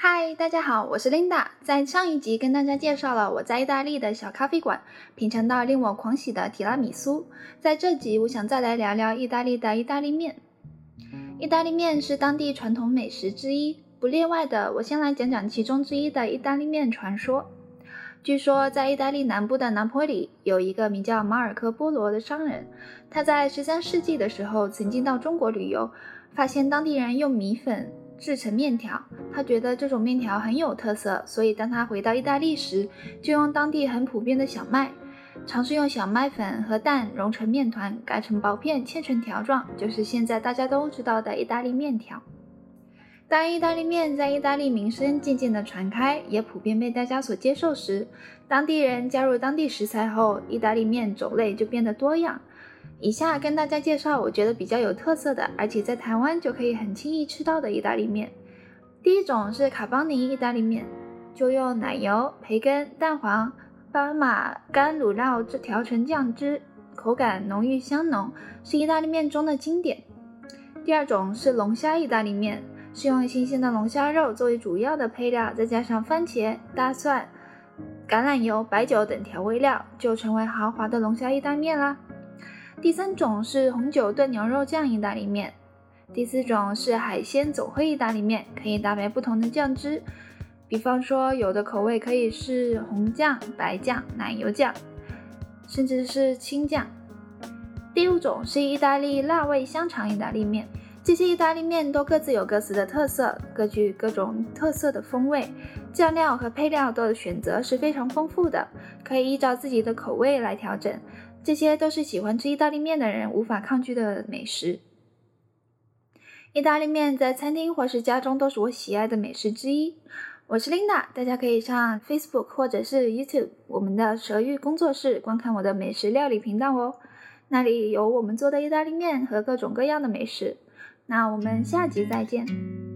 嗨，大家好，我是 Linda。在上一集跟大家介紹了我在意大利的小咖啡館，品嘗到令我狂喜的提拉米蘇。在這集，我想再來聊聊意大利的意大利麵。意大利麵是當地傳統美食之一，不例外的。我先來講講其中之一的意大利麵傳說。據說在意大利南部的拿坡里有一個名叫馬爾科波羅的商人，他在十三世紀的時候曾經到中國旅遊，發現當地人用米粉。製成麵條，他覺得這種麵條很有特色，所以當他回到意大利時，就用當地很普遍的小麥，嘗試用小麥粉和蛋揉成麵團，擀成薄片，切成條狀，就是現在大家都知道的意大利麵條。當意大利麵在意大利名聲漸漸地傳開，也普遍被大家所接受時，當地人加入當地食材後，意大利麵種類就變得多樣。以下跟大家介紹我覺得比較有特色的，而且在台灣就可以很輕易吃到的意大利麵。第一種是卡邦尼意大利麵，就用奶油、培根、蛋黃、巴馬乾乳酪，調成醬汁，口感濃郁香濃，是意大利麵中的經典。第二種是龍蝦意大利麵，是用新鮮的龍蝦肉作為主要的配料，再加上番茄、大蒜、橄欖油、白酒等調味料，就成為豪華的龍蝦意大利麵啦。第三種是紅酒燉牛肉醬意大利麵，第四種是海鮮總匯意大利麵，可以搭配不同的醬汁，比方說有的口味可以是紅醬、白醬、奶油醬，甚至是青醬。第五種是意大利辣味香腸意大利麵，這些意大利麵都各自有各自的特色，各具各種特色的風味，醬料和配料的選擇是非常豐富的，可以依照自己的口味來調整。這些都是喜歡吃意大利面的人無法抗拒的美食。意大利面在餐廳或是家中都是我喜愛的美食之一。我是 Linda，大家可以上 Facebook 或者是 YouTube 我們的“舌欲工作室”觀看我的美食料理頻道哦，那裡有我們做的意大利面和各種各樣的美食。那我們下集再見。